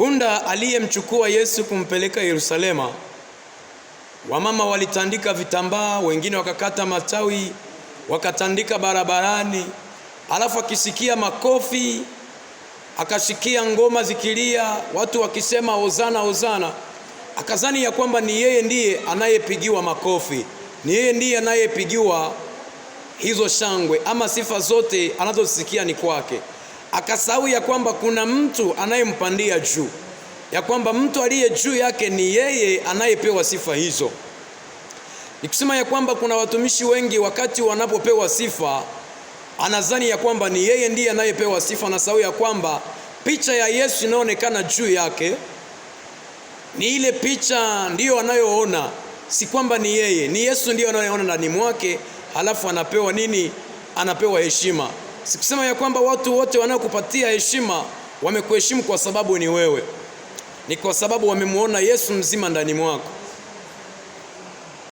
Punda aliyemchukua Yesu kumpeleka Yerusalema, wamama walitandika vitambaa, wengine wakakata matawi wakatandika barabarani, alafu akisikia makofi, akasikia ngoma zikilia, watu wakisema hozana, hozana, akazani ya kwamba ni yeye ndiye anayepigiwa makofi, ni yeye ndiye anayepigiwa hizo shangwe, ama sifa zote anazosikia ni kwake akasahau ya kwamba kuna mtu anayempandia juu, ya kwamba mtu aliye juu yake ni yeye anayepewa sifa hizo. Nikusema ya kwamba kuna watumishi wengi wakati wanapopewa sifa anazani ya kwamba ni yeye ndiye anayepewa sifa, na sahau ya kwamba picha ya Yesu inayoonekana juu yake ni ile picha ndiyo anayoona, si kwamba ni yeye, ni Yesu ndiyo anayeona ndani mwake, halafu anapewa nini? Anapewa heshima. Sikusema ya kwamba watu wote wanaokupatia heshima wamekuheshimu kwa sababu ni wewe, ni kwa sababu wamemwona Yesu mzima ndani mwako.